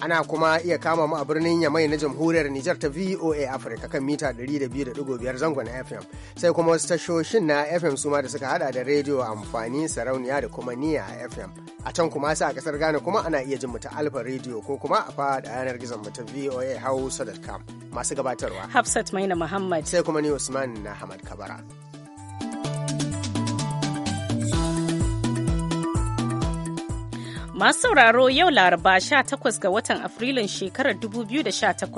ana kuma iya kama mu a birnin yamai na jamhuriyar Nijar ta VOA Africa kan mita 102.5 zangon FM sai kuma wasu tashoshin na FM su ma da suka hada da rediyo amfani sarauniya da kuma niya FM a can kuma sai a kasar Ghana kuma ana iya jin mu ta Alfa Radio ko kuma a fada yanar gizon mu ta VOA Hausa.com masu gabatarwa Hafsat Maina Muhammad sai kuma ni Usman na Kabara. Masu sauraro yau Laraba 18 ga watan Afrilun shekarar 2018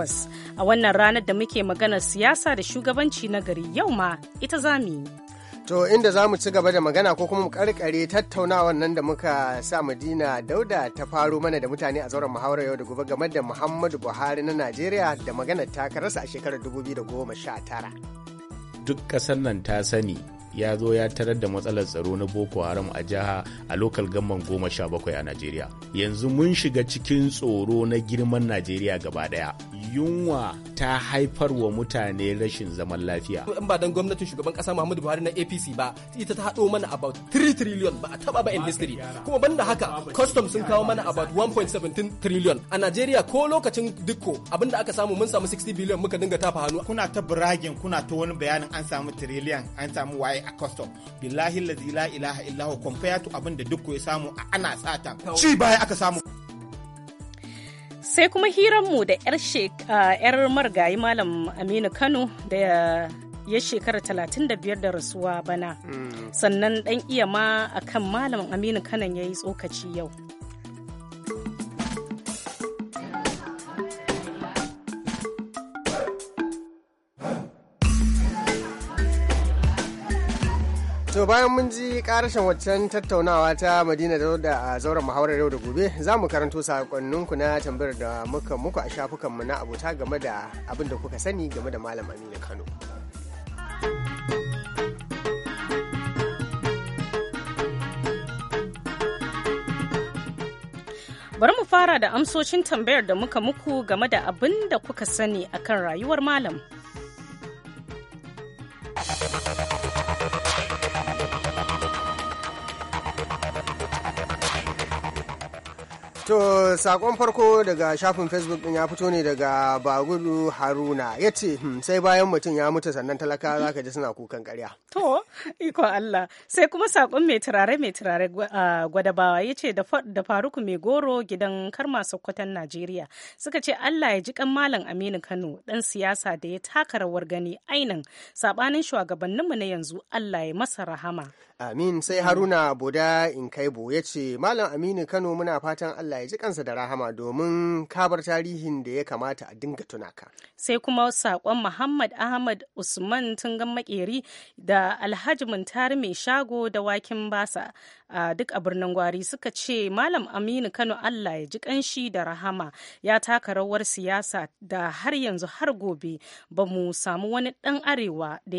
a wannan ranar da muke maganar siyasa da shugabanci na gari yau ma ita zami. To inda za mu ci gaba da magana ko kuma mu karkare tattaunawar nan da muka sa Madina Dauda ta faro mana da mutane a zauren muhawarar yau da gobe game da Muhammadu Buhari na Najeriya da magana ta takararsa a shekarar 2019. Duk ƙasar nan ta sani ya zo ya tarar da matsalar tsaro na boko haram a jiha a lokal gamman goma sha bakwai a najeriya yanzu mun shiga cikin tsoro na girman najeriya gaba daya yunwa ta haifar wa mutane rashin zaman lafiya in ba dan gwamnatin shugaban kasa muhammadu buhari na apc ba ita ta haɗo mana about 3 trillion ba a taba ba industry kuma banda haka custom sun kawo mana about 1.17 trillion a najeriya ko lokacin dukko abinda aka samu mun samu 60 billion muka dinga tafa hannu kuna ta biragin kuna ta wani bayanin an samu trillion an samu waye a custom billahi lazi la ilaha illahu compare to abin da duk ya samu a ana sata ci baya aka samu sai kuma hiranmu da 'yar ah, marigayi malam aminu kano da ya shekara 35 da rasuwa bana hmm. sannan dan iya ma akan malam aminu kanan ya yi tsokaci yau To bayan mun ji karashin waccan tattaunawa ta Madina da a zauren muhawarar yau da gobe za mu karanto sakonninku na tambayar da muka muku a shafukanmu na abota game da abin da kuka sani game da Malam Aminu Kano. Bari mu fara da amsoshin tambayar da muka muku game da abin da kuka sani akan rayuwar malam. To sakon farko daga shafin Facebook din ya fito ne daga Bagudu Haruna ya ce hmm, sai bayan mutum ya mutu sannan talaka za ka ji suna kukan karya. To, iko Allah. Sai kuma sakon mai turare mai turare gwadabawa ya ce da faruku mai goro gidan karma sokoton Najeriya suka ce Allah ya ji kan Malam Aminu Kano dan siyasa da ya taka rawar gani ainan sabanin shugabanninmu na yanzu Allah ya masa rahama. Amin sai Haruna Boda Inkaibo ya ce Malam Aminu Kano muna fatan Allah Allah ya ji kansa da rahama domin kabar tarihin da ya kamata a dinga tunaka. Sai kuma saƙon Muhammad Ahmad Usman Tungan Makeri da Alhaji Muntari mai shago da wakin basa a duk a birnin Gwari suka ce Malam Aminu Kano Allah ya ji kanshi da rahama ya taka rawar siyasa da har yanzu har gobe ba mu samu wani ɗan arewa da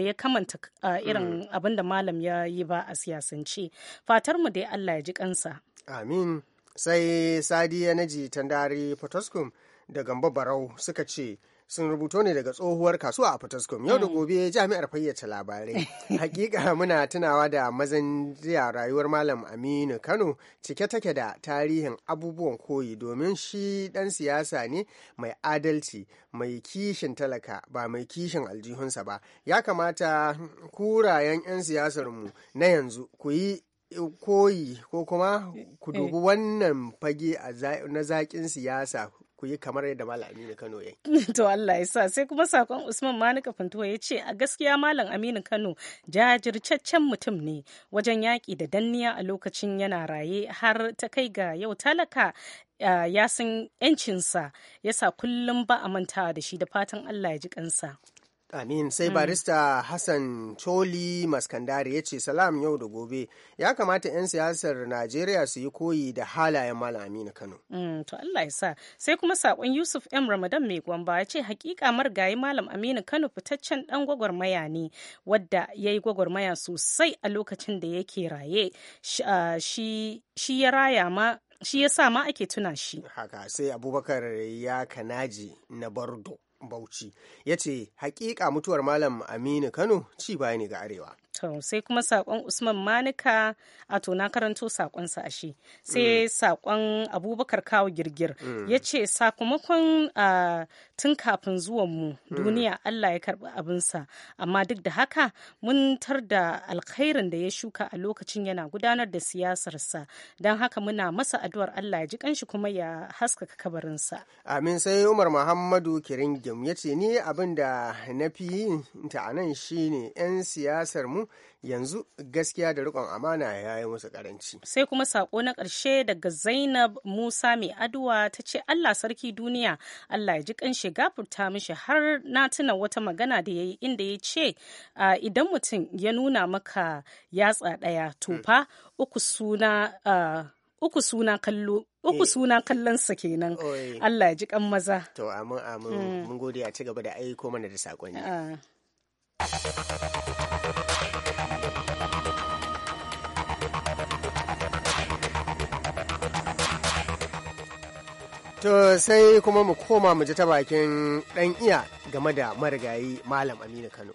ya kamanta irin mm. abin da malam ya yi ba a siyasance. Fatar mu dai Allah ya ji kansa. Amin. sai sadiya naji tandari potoskum da gambo barau suka ce sun rubuto ne daga tsohuwar kasuwa a Potoskum yau da mm. gobe jami'ar fayyace labarai. Hakika muna tunawa da mazan jiya rayuwar Malam Aminu Kano cike take da tarihin abubuwan koyi domin shi dan siyasa ne mai adalci mai kishin talaka ba mai kishin aljihunsa ba. Ya kamata kurayen 'yan siyasarmu na yanzu ku yi koyi ko kuma ku eh. dubi wannan fage na zaƙin siyasa ku yi kamar yadda Malam Aminu Kano ya To Allah ya sa sai kuma sakon Usman Manika fintuwa ya ce a gaskiya Malam Aminu Kano jajircaccen mutum ne wajen yaƙi da danniya a lokacin yana raye har ta kai ga yau talaka ya san 'yancinsa yasa kullum ba a mantawa da shi da fatan Allah ya ji kansa. Amin sai mm. barista Hassan Choli maskandari ya ce salam yau da gobe ya kamata 'yan siyasar Najeriya su yi koyi da halayen Malam Aminu Kano. Mm, to Allah ya sa sai kuma sakon Yusuf M Ramadan mai gwamba ya ce hakika margayi Malam Aminu Kano fitaccen dan gwagwarmaya ne wadda ya yi gwagwarmaya sosai a lokacin da yake raye ah, shi ya raya ma shi ya sa ma ake tuna shi. Haka sai Abubakar ya kanaji na Bardo. Bauchi ya ce hakika mutuwar Malam Aminu Kano ci baya ne ga Arewa. sai kuma saƙon Usman Manika a to na karanto sakonsa ashe sai mm. saƙon Abubakar Kawo Girgir mm. ya ce sakamakon ah, tun kafin zuwan mu. Hmm. duniya Allah ya karbi abinsa amma duk da haka mun tar da alkhairin da ya shuka a lokacin yana gudanar da siyasarsa don haka muna masa addu'ar Allah ya ji kanshi kuma ya haskaka kabarinsa. Amin sai Umar Muhammadu Kiringim ya ce ni abin da na fi yin ta anan shine 'yan siyasar mu yanzu gaskiya da rikon amana ya yi musu karanci. Sai kuma sako na ƙarshe daga Zainab Musa mai aduwa ta ce Allah sarki duniya Allah ya ji ƙanshe gafurta mishi har na tuna wata magana da ya yi inda ya ce idan mutum ya nuna maka yatsa ɗaya tofa hmm. uku suna uku suna kallo uku eh. suna kallon sa kenan Allah ya ji kan maza to amin amin hmm. mun gode a ci gaba da aiko mana da sakonni To sai kuma mu koma mu ji ta bakin ɗan iya game da marigayi Malam Aminu Kano.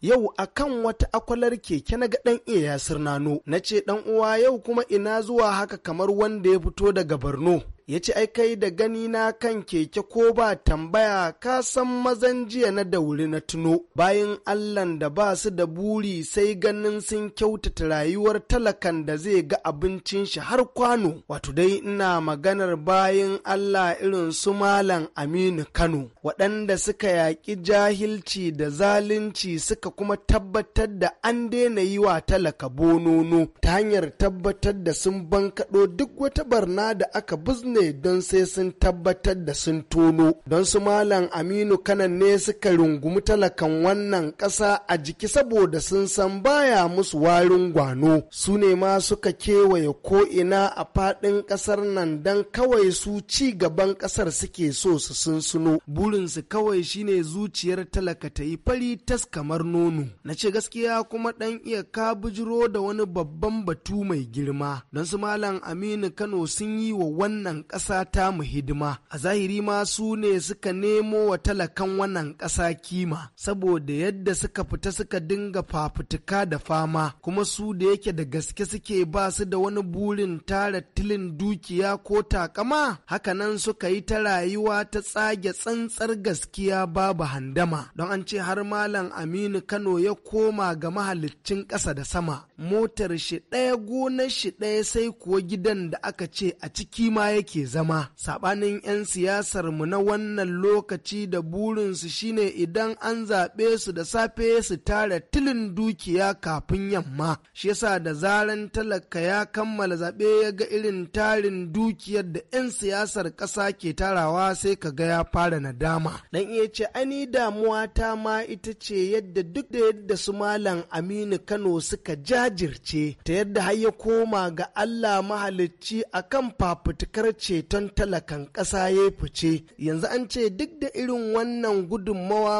yau a kan wata akwalar keke na ga ɗan iya yasir nano na ce ɗan uwa yau kuma ina zuwa haka kamar wanda ya fito daga borno ya ci aikai da gani na kan keke ko ba tambaya ka san mazan jiya na da wuri na tuno bayan allan da ba su da buri sai ganin sun kyautata rayuwar talakan da zai ga abincin shi har kwano wato dai ina maganar bayan allah irin su malam aminu kano waɗanda suka yaƙi jahilci da zalunci suka kuma tabbatar da an daina yi wa talaka bonono ta hanyar tabbatar da sun bankaɗo duk wata barna da aka buzni ne don sai sun tabbatar da sun tono don su malam aminu kanan ne suka rungumi talakan wannan ƙasa a jiki saboda sun san baya musu warin gwano su ne ma suka kewaye ko ina a faɗin ƙasar nan don kawai su ci gaban ƙasar suke so su sunsuno burinsu kawai shine zuciyar talaka ta yi fari tas kamar nono na ce gaskiya kuma ɗan iya ka bujiro da wani babban batu mai girma don su malam aminu kano sun yi wa wannan ƙasa ta mu hidima a zahiri ma su ne suka nemo wa talakan wannan ƙasa kima saboda yadda suka fita suka dinga fafutuka da fama kuma su da yake da gaske suke ba su da wani burin tara tilin dukiya ko takama Haka nan suka yi ta rayuwa ta tsage tsantsar gaskiya babu handama don an ce har malam aminu kano ya koma ga mahalicin ƙasa da sama motar shi ɗaya gonar shi ɗaya sai kuwa gidan da aka ce a ciki ma yake yake zama saɓanin 'yan siyasar mu na wannan lokaci da burinsu shine idan an zaɓe su da safe su tara tilin dukiya kafin yamma shi yasa da zaran talaka ya kammala zaɓe ya ga irin tarin dukiyar da 'yan siyasar ƙasa ke tarawa sai ka ga ya fara nadama dan iya ce ani damuwa ta ma ita ce yadda duk da yadda su malam aminu kano suka jajirce ta yadda har ya koma ga allah mahalicci akan fafutukar ceton talakan ƙasa ya fice yanzu an ce duk da irin wannan gudunmawa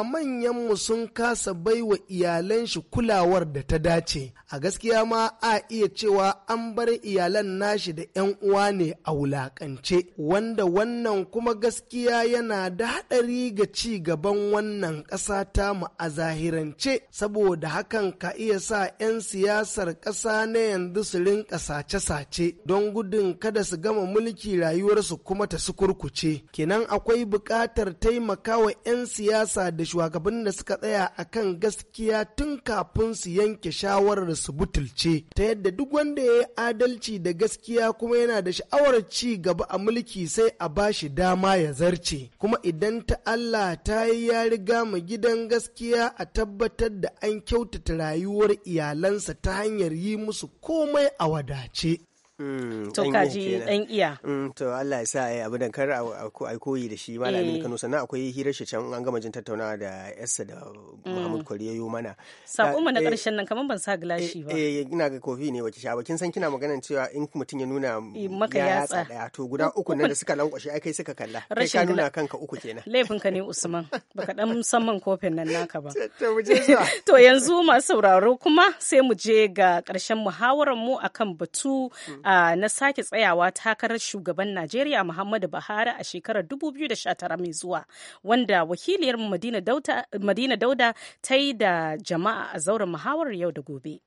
mu sun kasa baiwa iyalan shi kulawar da ta dace a gaskiya ma a iya cewa an bar iyalan nashi da 'yan uwa ne a wulakance wanda wannan kuma gaskiya yana da haɗari ga ci gaban wannan ƙasa ta mu a zahirance saboda hakan ka iya sa 'yan siyasar ƙasa na yanzu su rinka sace-sace don gudun kada su gama mulki rayuwa rayuwarsu kuma ta sukurkuce kenan akwai buƙatar taimakawa 'yan siyasa da shugabannin da suka tsaya a kan gaskiya tun kafin su yanke shawarar su butulce ta yadda duk wanda ya yi adalci da gaskiya kuma yana da sha'awar ci gaba a mulki sai a bashi dama ya zarce kuma idan ta Allah ta yi ya riga mu gidan gaskiya a tabbatar da an kyautata rayuwar iyalansa ta hanyar yi musu komai a wadace Mm, to ɗan dan iya mm, to Allah ya sa ya abu dan kar a koyi da shi malamin eh. Kano sannan akwai hirar shi can an gama jin tattaunawa da Essa da mm. Muhammad Kwariyo mana sakon mu na karshen eh, nan kaman ban sa gilashi ba eh, eh ina ga kofi ne wace sha bakin kin san kina maganar cewa in mutum ya nuna maka yatsa daya to guda uku nan da suka lankwashe ai kai suka kalla kai ka nuna kanka uku kenan laifin ka ne Usman baka dan san man kofin nan naka ba to yanzu masu sauraro kuma sai mu je ga karshen muhawarar mu akan batu na sake tsayawa takarar shugaban Najeriya Muhammadu Buhari a shekarar 2019 mai zuwa wanda wakiliyar Madina Dauda ta yi da jama'a a zauren muhawar yau da gobe.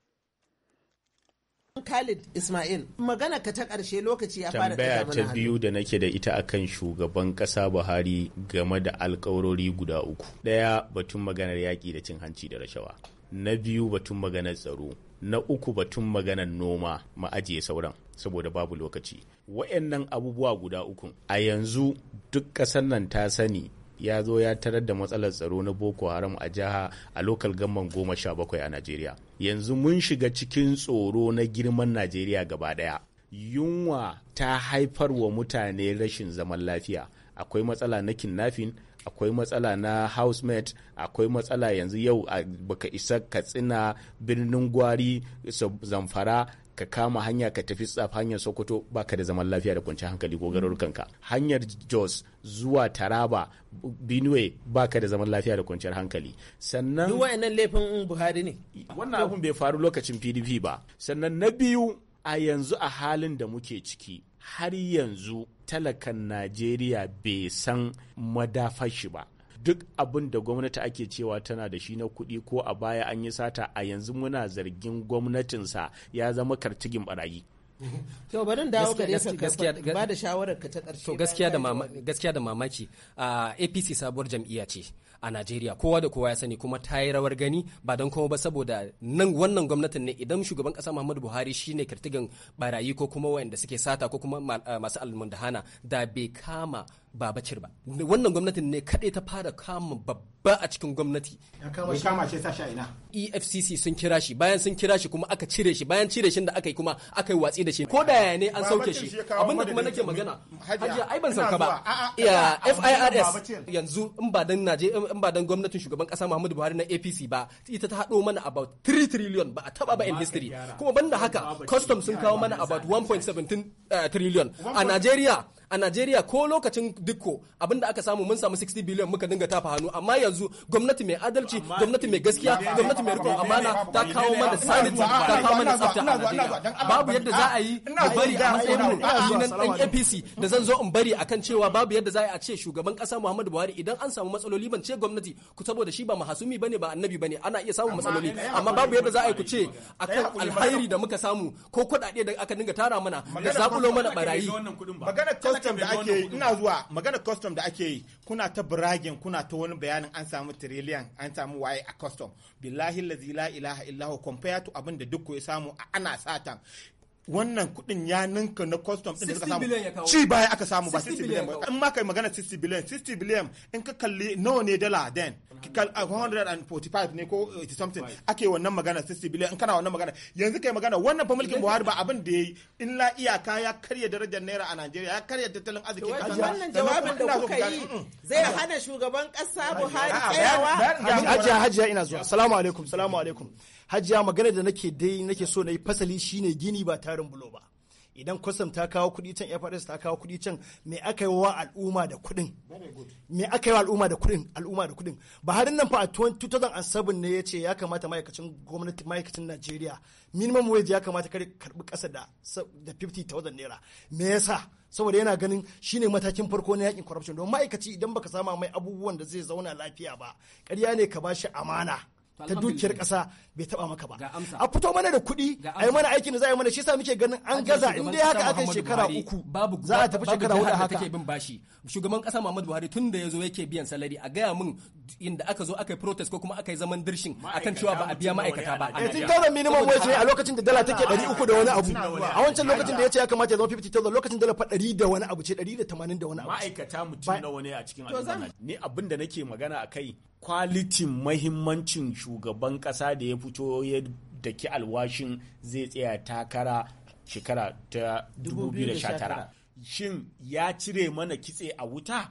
Khalid Ismail magana ka ta ƙarshe lokaci ya fara tambaya ta biyu da nake da ita akan shugaban ƙasa Buhari game da alƙawarori guda uku. Ɗaya batun maganar yaƙi da cin hanci da rashawa. Na biyu batun maganar tsaro. Na uku batun maganar noma ma'ajiye sauran. saboda babu lokaci wa'annan abubuwa guda uku a yanzu duk ƙasar nan ta sani ya zo ya tarar da matsalar tsaro na boko haram a jiha a lokal gamman goma sha bakwai a najeriya yanzu mun shiga cikin tsoro na girman najeriya gaba daya yunwa ta haifar wa mutane rashin zaman lafiya akwai matsala na kidnapping akwai matsala na housemate akwai matsala yanzu yau baka isa katsina birnin gwari zamfara ka kama hanya ka tafi tsaf hanyar sokoto baka da zaman lafiya da kwanciyar hankali ko garurukanka hanyar jos zuwa taraba benue baka da zaman lafiya da kwanciyar hankali sannan duk wayannan laifin buhari ne wannan abun bai faru lokacin pdp ba sannan na biyu a yanzu a halin da muke ciki har yanzu talakan najeriya bai san madafashi ba duk abin da gwamnati ake cewa tana da shi na kuɗi ko a baya an yi sata a yanzu muna zargin gwamnatinsa ya zama kartigin barayi to barin dawo ka ba da shawarar ka ta ƙarshe to gaskiya da mamaki apc sabuwar jam'iyya ce a Najeriya kowa da kowa ya sani kuma ta yi rawar gani ba don kuma ba saboda nan wannan gwamnatin ne idan shugaban kasa Muhammadu Buhari shine kirtigan barayi ko kuma wayanda suke sata ko kuma masu almundahana da bai kama babacir ba wannan gwamnatin ne kaɗai ta fara kama babba a cikin gwamnati kama ce sa ina efcc sun kira shi bayan sun kira shi kuma aka cire shi bayan cire shi da aka yi kuma aka yi watsi da shi ko da yaya ne an sauke shi abinda kuma nake magana hajiya ai ban sauka ba iya firs yanzu in ba dan naje in ba dan gwamnatin shugaban kasa Muhammadu Buhari na APC ba ita ta haɗo mana about 3 trillion ba a taba ba in history kuma banda haka customs sun kawo mana about 1.17 eh, trillion a Nigeria. a Najeriya ko lokacin dukko da aka samu mun samu 60 billion muka dinga tafa hannu amma yanzu gwamnati mai adalci gwamnati mai gaskiya gwamnati mai rikon amana ta kawo mana sanity ta kawo mana tsafta a Najeriya babu yadda za a yi a bari a matsayin mu sunan dan APC da zan zo in bari akan cewa babu yadda za a ce shugaban kasa Muhammadu Buhari idan an samu matsaloli ban ce gwamnati ku saboda shi ba mahasumi bane ba annabi bane ana iya samun matsaloli amma babu yadda za a yi ku ce akan alhairi da muka samu ko kuɗaɗe da aka dinga tara mana da zakulo mana barayi custom da ake yi ina zuwa magana custom da ake yi kuna ta bragging kuna ta wani bayanin an samu trillion an samu waye a custom billahi lazi la ilaha illahu compare to abin da duk ya samu a ana satan wannan kudin ya ninka na custom din da suka samu ci baya aka samu ba 60 billion ba in ma kai magana 60 billion 60 billion in ka kalli nawa ne dala then 145 ne ko something ake wannan magana 60 billion in kana wannan magana yanzu kai magana wannan fa mulkin Buhari ba abin da yayi in la iyaka ya karya darajar naira a Najeriya ya karya tattalin arziki kasa wannan jawabin da kuka yi mm. zai hana shugaban kasa Buhari tsayawa haji haji ina zuwa assalamu alaikum assalamu alaikum hajiya magana da nake dai nake so na yi fasali shine gini ba tarin bulo ba idan kwasam ta kawo kudi can FRS ta kawo kudi can me aka yi wa al'umma da kuɗin me aka yi wa al'umma da kudin al'umma da ba harin nan fa a 2007 ne ya ce ya kamata ma'aikacin gwamnati ma'aikacin Najeriya minimum wage ya kamata kare karbi ƙasa da da 50,000 naira me yasa saboda yana ganin shine matakin farko na yakin corruption don ma'aikaci idan baka sama mai abubuwan da zai zauna lafiya ba ƙarya ne ka bashi amana ta dukiyar ƙasa bai taba maka ba a fito mana da kuɗi a yi mana aikin da za a yi mana shi sa muke ganin an gaza in dai haka aka shekara uku za a tafi shekara hudu haka take bin bashi shugaban ƙasa Muhammadu Buhari tun da yazo yake biyan salari a gaya min inda aka zo aka yi protest ko kuma aka yi zaman dirshin akan cewa ba a biya ma'aikata ba a tin dollar minimum wage ne a lokacin da dala take 300 da wani abu a wancan lokacin da yace ya kamata ya zama 50000 lokacin dala fa 100 da wani abu ce 180 da wani abu ma'aikata mutum na wani a cikin al'umma ni abin da nake magana akai kwalitin mahimmancin shugaban kasa da ya fito ya daki alwashin zai tsaya takara shekara ta 2019 shin ya cire mana kitse a wuta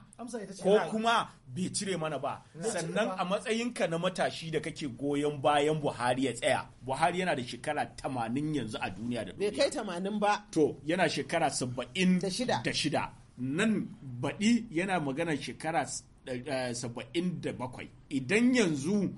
ko kuma bai cire mana ba sannan a matsayinka na matashi da kake goyon bayan buhari ya tsaya buhari yana da shekara tamanin yanzu a duniya da kai tamanin ba to yana shekara saba'in nan baɗi yana magana shekara Eh, bakwai idan yanzu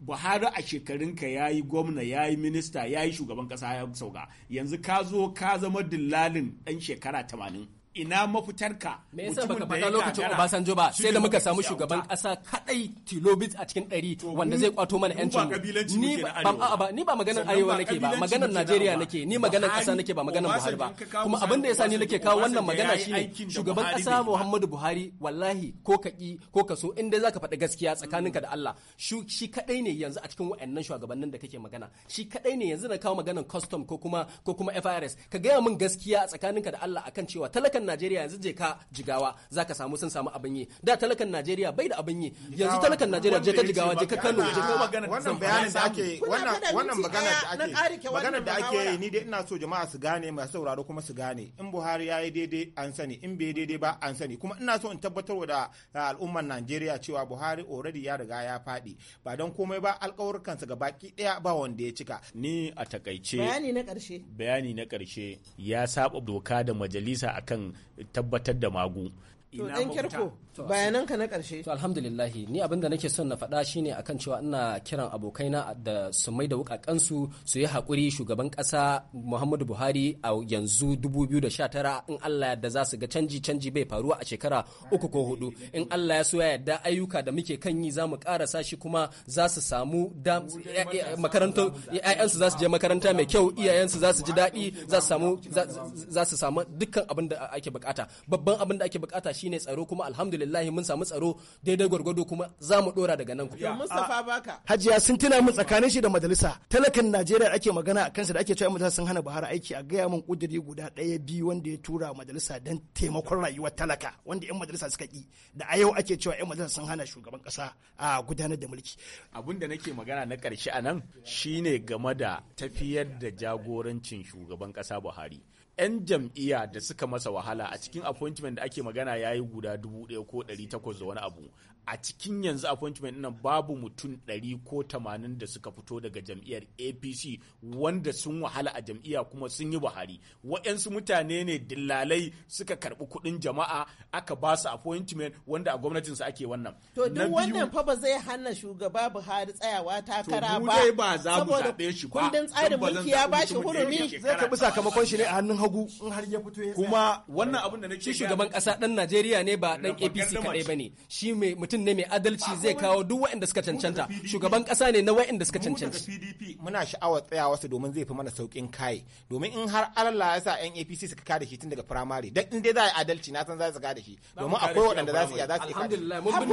buhari a shekarunka ya yi gwamna ya yi minista ya yi shugaban kasa ya sauka yanzu ka zo ka zama dillalin ɗan shekara 80 ina mafitarka me yasa baka faɗa lokacin Obasanjo ba sai da muka samu shugaban kasa kadai kilobit a cikin ɗari wanda zai kwato mana yancin ni ba ba ni ba maganar arewa nake ba maganar Najeriya nake ni maganar ƙasa nake ba maganar Buhari ba kuma abin da yasa ni nake kawo wannan magana shine shugaban ƙasa Muhammadu Buhari wallahi ko ka ki ko ka so in inda zaka faɗi gaskiya tsakaninka da mm. Allah shi kadai ne yanzu a cikin wayannan shugabannin da kake magana shi kadai ne yanzu na kawo maganar custom ko kuma ko kuma FIRS ka gaya min gaskiya tsakaninka da Allah akan cewa talakan Najeriya yanzu je ka jigawa zaka samu sun samu abin yi da talakan Najeriya bai da abin yi yanzu talakan Najeriya je ka jigawa je ka Kano je ka magana wannan bayani da ake wannan wannan magana da ake magana da ake ni dai ina so jama'a su gane masu sauraro kuma su gane in Buhari yayi daidai an sani in bai daidai ba an sani kuma ina so in tabbatar da al'ummar Najeriya cewa Buhari already ya riga ya fadi ba don komai ba alƙawarkansa ga baki ɗaya ba wanda ya cika ni a takaice bayani na ƙarshe bayani na ƙarshe ya saba doka da majalisa akan tabbatar da magu to dan kirko na karshe to ni abinda nake son na faɗa shine akan cewa ina kiran abokaina da su mai da wukakan su su yi hakuri shugaban kasa Muhammadu Buhari a yanzu 2019 in Allah yarda za su ga canji canji bai faruwa a shekara uku ko hudu in Allah ya so ya yarda ayyuka da muke kan yi za mu karasa shi kuma za su samu makaranta ƴaƴansu za su je makaranta mai kyau iyayensu za su ji daɗi za su samu dukkan abin da ake bukata babban abin da ake bukata shine tsaro kuma alhamdulillah mun samu tsaro daidai gwargwado kuma za mu dora daga nan kuma Mustafa baka Hajiya sun tuna mu tsakanin shi da majalisa talakan Najeriya ake magana a kansa da ake cewa majalisa sun hana Buhari aiki a gaya mun kudiri guda ɗaya biyu wanda ya tura majalisa don taimakon rayuwar talaka wanda yan majalisa suka ki da a yau ake cewa yan majalisa sun hana shugaban kasa a gudanar da mulki Abun da nake magana na karshe a nan shine game da tafiyar da jagorancin shugaban kasa Buhari 'yan jam'iyya da suka masa wahala a cikin appointment da ake magana ya yi guda dubu ɗaya ko ɗari takwas da wani abu a cikin yanzu appointment nan babu mutum 100 ko tamanin da suka fito daga jam'iyyar apc wanda sun wahala a jam'iyya kuma sun yi buhari wa'yansu mutane ne dillalai suka karbi kuɗin jama'a aka ba su appointment wanda a gwamnatinsu ake wannan to duk wannan fa ba zai hana shugaba buhari tsayawa takara ba ba za mu zabe shi ba kundin tsarin mulki ya bashi hurumi zai karɓi sakamakon shi ne a hannun hagu in har ya fito ya kuma wannan abin da nake shi shugaban kasa ɗan Najeriya ne ba ɗan APC kadai bane shi mai mutum mutum ne mai adalci zai kawo duk waɗanda suka cancanta shugaban ƙasa ne na waɗanda suka cancanta muna sha'awar tsayawa su domin zai fi mana saukin kai domin in har Allah ya sa yan APC suka kada shi tun daga firamare dan in dai za a adalci na san za su kada shi domin akwai waɗanda za su iya za su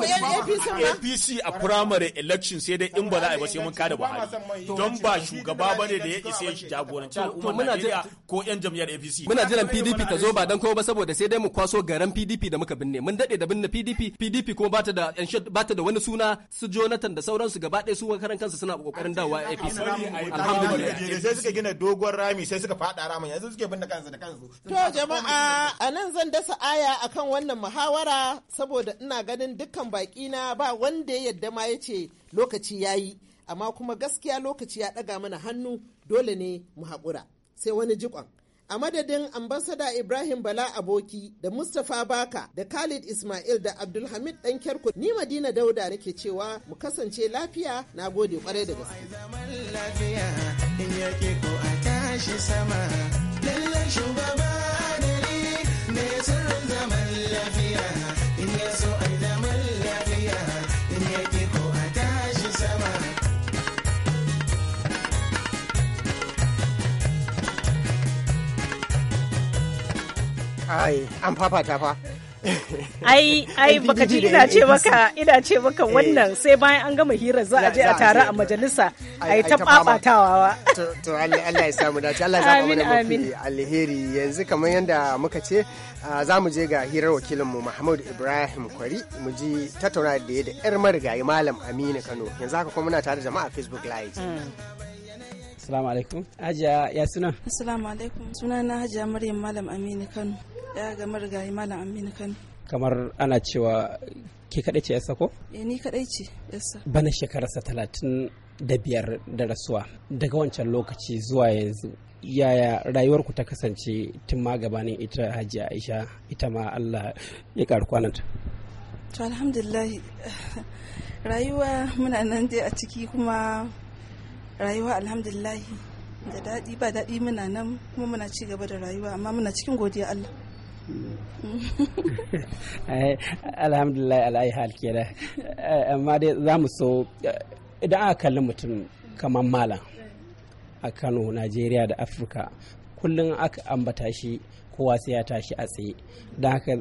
iya APC a firamare election sai dai in ba za a yi ba sai mun kada Buhari don ba shugaba bane da ya isa shi jagoranci al'umma Najeriya ko yan jam'iyyar APC muna jiran PDP ta zo ba dan kowa ba saboda sai dai mu kwaso garan PDP da muka binne mun dade da binne PDP PDP kuma ba ta da yan shot ba ta da wani suna su Jonathan da sauransu gaba ɗaya su karan kansu suna kokarin dawa APC alhamdulillah sai suka gina dogon rami sai suka fada ramin yanzu suke binne kansu da kansu to jama'a anan zan dasa aya akan wannan muhawara saboda ina ganin dukkan baki na ba wanda ya yadda ma yace lokaci yayi amma kuma gaskiya lokaci ya daga mana hannu dole ne mu haƙura sai wani jikon a madadin ambasada Ibrahim Bala Aboki da Mustapha Baka da Khalid Ismail da Abdulhamid Dan kyarku ni Madina Dauda nake cewa mu kasance lafiya na gode kwarai da gaske. Yeah. ai an ta fa ai ai baka ji ina ce maka ina ce maka eh. wannan sai bayan an gama hira za a je a tare a majalisa ai ta babatawa to Allah ya samu dace Allah ya samu mana mafi alheri yanzu kamar yadda muka ce za mu je ga hirar wakilin mu Muhammadu Ibrahim Kwari mu ji tattauna da yadda yar marigayi malam Aminu Kano yanzu haka kuma muna tare da jama'a Facebook live mm. Assalamu alaikum. Hajiya ya suna? Assalamu alaikum. Suna na Hajiya Maryam Malam Aminu Kano. Ya ga marigayi Malam Aminu Kano. Kamar ana cewa ke kaɗai ce yasa ko? Eh ni kaɗai ce yasa. Bana shekararsa talatin da biyar da rasuwa. Daga wancan lokaci zuwa yanzu yaya rayuwarku ta kasance tun ma gabanin ita Hajiya Aisha ita ma Allah ya ƙaru kwananta. To alhamdulillah rayuwa muna nan dai a ciki kuma rayuwa alhamdulillahi da daɗi ba daɗi muna nan kuma muna ci gaba da rayuwa amma muna cikin godiya Allah eh, alhamdulillah alai hal kenan eh, amma dai za mu so eh, idan aka kalli mutum kamar malam a kano najeriya da afirka kullum aka ambata shi kowa sai ya tashi a tsaye don haka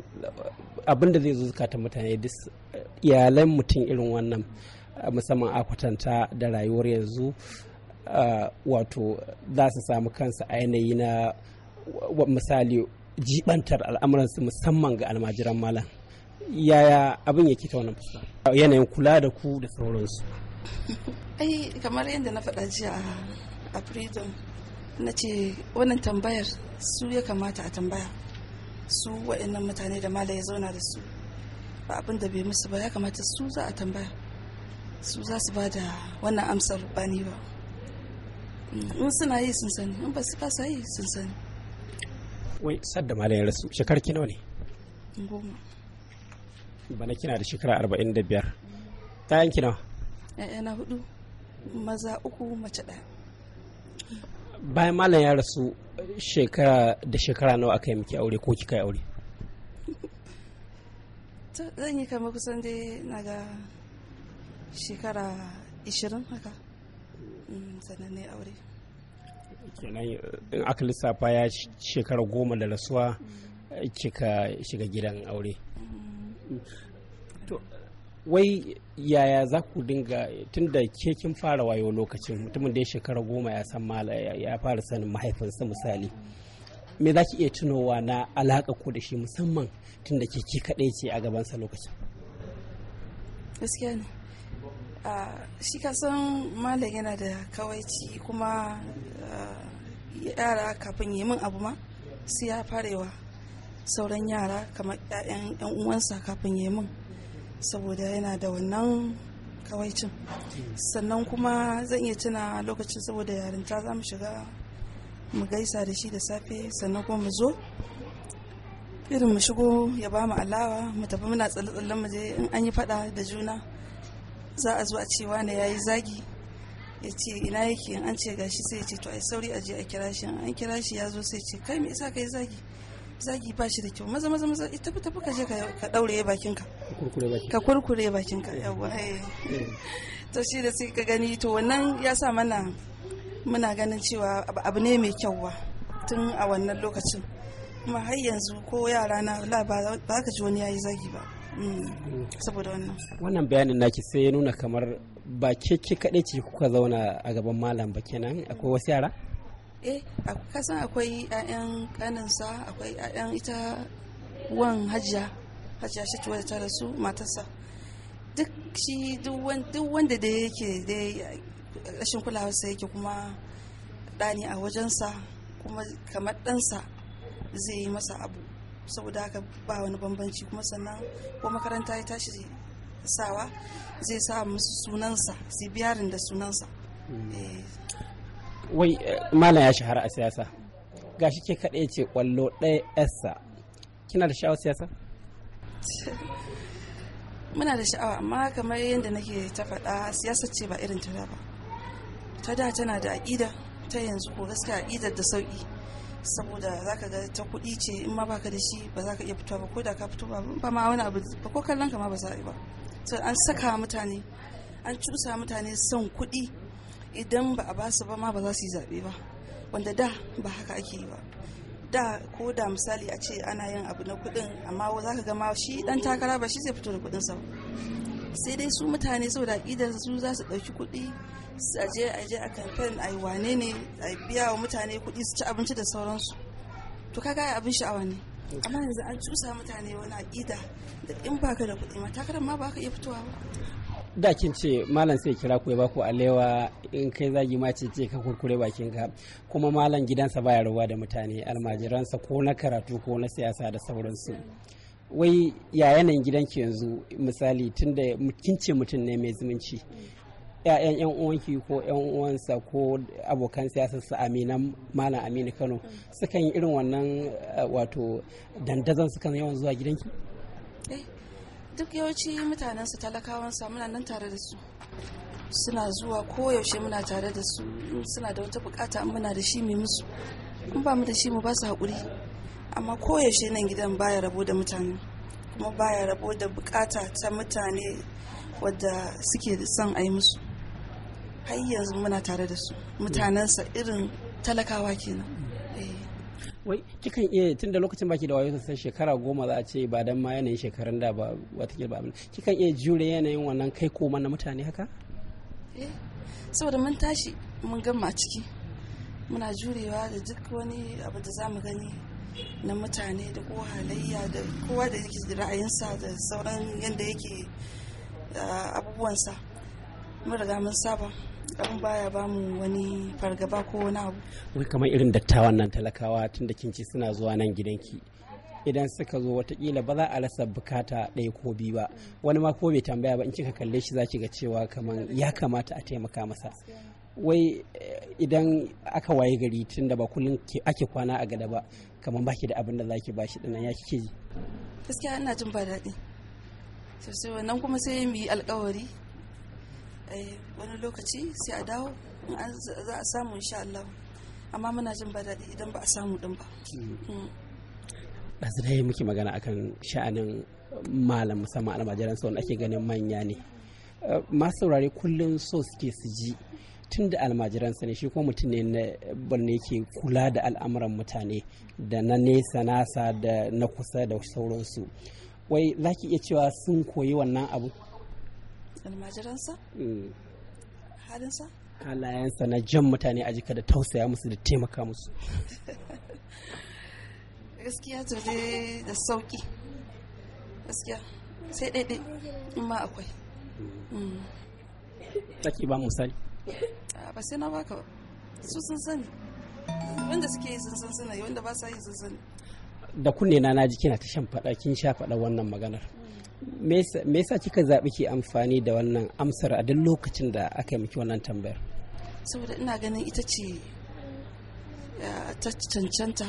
abinda zai zuzuka ta mutane iyalan mutum irin wannan musamman a kwatanta da rayuwar yanzu wato za su samu kansu a yanayi na misali jibantar al'amuransu musamman ga almajiran malam yaya abin ke ta wannan fuska yanayin kula da ku da sauransu ai kamar yadda na faɗa jiya a freedom na ce wannan tambayar su ya kamata a tambaya su waɗannan mutane da mala ya zauna da su ba abin da bai musu ba ya kamata su za a tambaya su za su ba da wannan amsar ba ba in suna yi sun sani in ba su kasa yi sun sani wai sadda malam ya rasu shekar ki ne goma bana kina da shekara arba'in da biyar ƴaƴan ki nawa na hudu maza uku mace ɗaya bayan malam ya rasu shekara da shekara nawa aka yi miki aure ko kika yi aure zan yi kama kusan dai na ga shekara 20 haka mm, sannan ne aure kenan in aka lissafa ya shekara goma da rasuwa kika shiga gidan aure wai yaya za ku dinga tun da ke kin fara wayo lokacin mutumin da ya shekara goma ya san ya fara sanin mahaifinsa misali me za ki iya tunowa na alaƙa ko da shi musamman tun da ke ki kaɗai ce a gabansa lokacin gaskiya ne shi kasan malam yana da kawaici kuma yara kafin yi min abu ma su ya farewa sauran yara kamar 'ya'yan 'yan uwansa kafin yi min saboda yana da wannan kawaicin sannan kuma zan iya tuna lokacin saboda yarinta za mu shiga mu gaisa da shi da safe sannan kuma mu zo irin mu shigo ya ba mu alawa mu tafi muna tsalle-tsallen mu je in an yi fada da juna za a zo a ce wane ya yi zagi ya ce ina yake an ce gashi sai ya ce to ai sauri a je a kira shi an kira shi ya zo sai ce kai me yasa kai zagi zagi ba shi da kyau maza maza maza ita fita fuka je ka daure bakin ka ka kurkure bakin ka yawa eh. eh. to shi da sai ka gani to wannan ya sa mana muna ganin cewa abu ne mai kyau wa tun a wannan lokacin kuma har yanzu ko yara na ba ka ji wani yayi zagi ba saboda wannan wannan bayanin naki sai ya nuna kamar ba ke ke kaɗai ce kuka zauna a gaban malam ba kenan akwai wasu yara eh kasan akwai 'ya'yan kaninsa akwai 'ya'yan ita wan hajiya hajiya shi wadda ta rasu matarsa duk shi duk wanda da yake da rashin kulawarsa yake kuma ɗani a wajensa kuma kamar ɗansa zai yi masa abu saboda haka ba wani bambanci kuma sannan ko makaranta ya tashi sawa zai sa musu sunansa su biyarin da sunansa wai eh, malam ya shahara a siyasa gashi ke kaɗai ce kwallo ɗaya yasa kina da sha'awar siyasa muna da sha'awa amma kamar yadda nake ta faɗa siyasa ce ba irin ta da ba ta da tana da aƙida ta yanzu ko gaskiya aƙidar da sauƙi saboda za ka ga ta kuɗi ce in ma baka da shi ba za ka iya fitowa ba ko da ka fito ba ba ma wani abu ba ko kallon ka ma ba za a yi ba so an saka mutane an cusa mutane son kuɗi idan ba a ba su ba ma ba za su yi zaɓe ba wanda da ba haka ake yi ba da ko da misali a ce ana yin abu na kuɗin amma za ka ga ma shi ɗan takara ba shi zai fito da kuɗinsa ba sai dai su mutane saboda akidar su za su ɗauki kuɗi a je a je a kamfen a yi wane ne a biya wa mutane kuɗi su ci abinci da sauransu to kaga abin sha'awa ne amma yanzu an cusa mutane wani akida da in baka da kuɗi takarar ma ba ka iya fitowa ba da kin ce malam sai kira ku ya baku alewa in kai zagi ma ce ce ka kurkure bakin ka kuma malam gidansa baya rawa da mutane almajiransa ko na karatu ko na siyasa da sauransu wai ya yanayin gidanki yanzu misali tunda kin ce mutum ne mai zumunci ‘ya'yan ‘yan uwanki ko ‘yan uwansa ko abokan su aminan malam aminu kano sukan yi irin wannan eh, wato dandazon sukan yawan zuwa gidanki eh, duk yawanci mutanen su talakawan muna nan tare da su suna zuwa ko yaushe muna tare da su suna da wata bukata muna da shi mai musu in ba mu da shi mu ba su haƙuri amma koyaushe nan gidan baya rabo da mutane kuma baya rabo da bukata ta mutane wadda suke son a yi musu har yanzu muna tare da su mutanensa irin talakawa kenan eh. wai kikan iya tun da lokacin baki da wayo san shekara goma za a ce ba dan ma yanayin shekarun da ba watakila ba kikan iya jure yanayin wannan kai koma na mutane haka eh, saboda mun tashi mun gama ciki muna jurewa da duk wani abu da za mu gani na mutane da ko halayya da kowa da yake ra'ayinsa da sauran yadda yake abubuwansa mun riga mun saba abin baya ba mu wani fargaba ko wani abu wai kamar irin dattawan nan talakawa tun da kinci suna zuwa nan gidanki idan suka zo watakila ba za a rasa bukata ɗaya ko biyu ba wani ma ko bai tambaya ba in kika kalle shi za ki ga cewa kamar ya kamata a taimaka masa wai eh, idan aka waye gari tun da ba kullum ake kwana a gada ba kamar baki da abin da ba shi dinan ya kike ji gaskiya ina jin ba daɗi sosai wannan kuma sai mu yi alkawari eh, wani lokaci sai a dawo za a samu insha Allah amma muna jin ba daɗi idan ba a samu din ba hmm. Hmm. ɗazu da muke magana akan sha'anin malam musamman almajiran sau ake ganin manya ne eh, masu saurare kullum so suke su ji tun da almajiransa ne shi ko mutum ne na barne yake kula da al'amuran mutane da na nesa nasa da na kusa da sauransu wai za ki iya cewa sun koyi wannan abu almajiransa mm. halinsa halayensa na jan mutane a jika da tausaya musu da taimaka musu gaskiya to dai da sauki gaskiya sai daidai in ma akwai saki ba misali Ah, ba sai na baka su sun sani wanda suke yi sun sani wanda ba sa yi sun sani da kunne na naji kina ta shan fada kin sha fada wannan maganar me yasa kika zabi ki amfani da wannan amsar a duk lokacin da aka yi miki wannan tambayar saboda ina ganin ita ce ta cancanta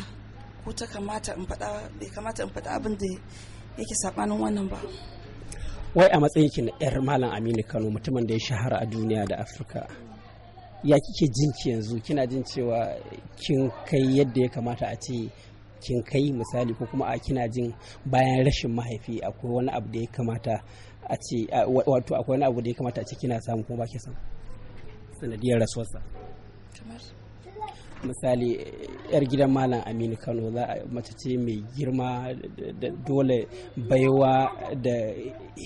ko ta kamata in fada bai kamata in fada abin da yake sabanin wannan ba wai a matsayin ki na 'yar malam aminu kano mutumin da ya shahara a duniya da afirka ya kike jin ki yanzu kina jin cewa kin kai yadda ya kamata a ce kin kai misali ko kuma a kina jin bayan rashin mahaifi akwai wani abu da ya kamata a ce wato akwai wani abu da ya kamata a ce kina samu kuma ba ki san sanadiyar rasuwarsa misali yar gidan malam aminu kano za a mace mai girma da dole baiwa da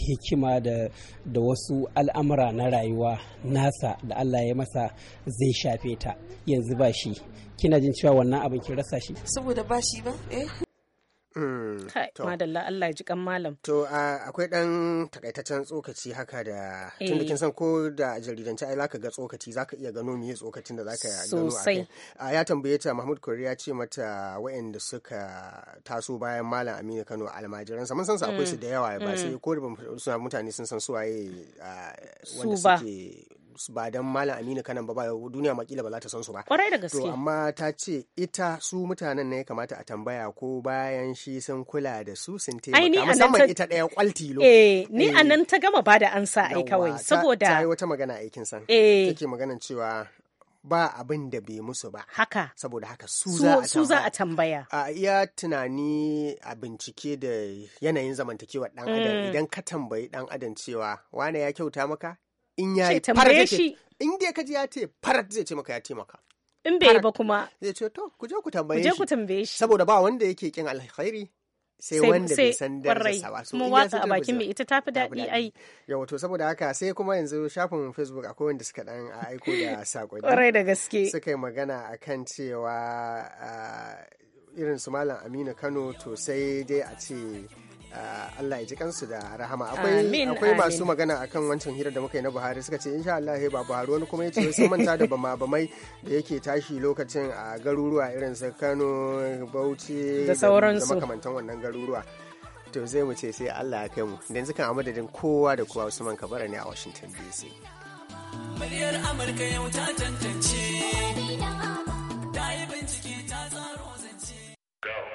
hikima da wasu al'amura na rayuwa nasa da allah ya masa zai shafe ta yanzu ba shi kina jin cewa wannan abin kin rasa shi saboda ba shi ba eh Mm, kai, madalla Allah ji kan malam. To, akwai ɗan takaitaccen tsokaci haka da tun da kin eh. san ko da jaridanci ai zaka ga tsokaci zaka iya gano miye tsokacin da zaka gano Sosai. Ya tambaye ta Mahmud Kori ya ce mata waɗanda suka taso bayan Malam Aminu Kano almajiransa mun san su akwai su mm. da yawa ba sai mm. ko da mutane sun san su waye wanda suke ba dan malam aminu kanan ba duniya makila ba za ta san su ba kwarai da gaske to amma ta ce ita su mutanen ne ya kamata a tambaya ko bayan shi sun kula da su sun taimaka musamman ita daya kwaltilo eh ni anan eh. ta gama bada ansa ai kawai saboda ta yi wata magana aikin san eh. take maganan cewa ba abin da bai musu ba. Haka. Saboda haka su za a tambaya. A iya tunani a bincike da yanayin zamantakewa dan adam mm. idan ka tambayi dan adam cewa wane ya kyauta maka in ya yi farat shi in dai kaji ya ce farat zai ce maka ya taimaka in bai ba kuma zai ce to ku je ku tambaye shi ku tambaye shi saboda ba wanda yake kin alkhairi sai wanda bai san sa ba so mu watsa a bakin mai ita tafi daɗi ai yawa to saboda haka sai kuma yanzu shafin facebook akwai wanda suka dan aiko da sakonni kwarai da gaske suka yi magana akan cewa ah, irin su malam Aminu Kano to sai dai a ce Ah, Allah ya ji kansu da rahama akwai masu magana akan wancan hira da muka yi na Buhari suka ce insha Allah ba Buhari wani kuma yace sai manta da bama bamai da yake tashi lokacin a garuruwa irin su Kano Bauchi da sauransu makamantan wannan garuruwa to zai mu ce sai Allah ya kai mu da yanzu kan a kowa da kowa Usman Kabara ne a Washington DC Muryar Amurka yau ta tantance ta yi ta tsaro zance